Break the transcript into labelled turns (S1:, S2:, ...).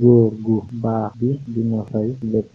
S1: Góor gu baax bi dina fay lépp.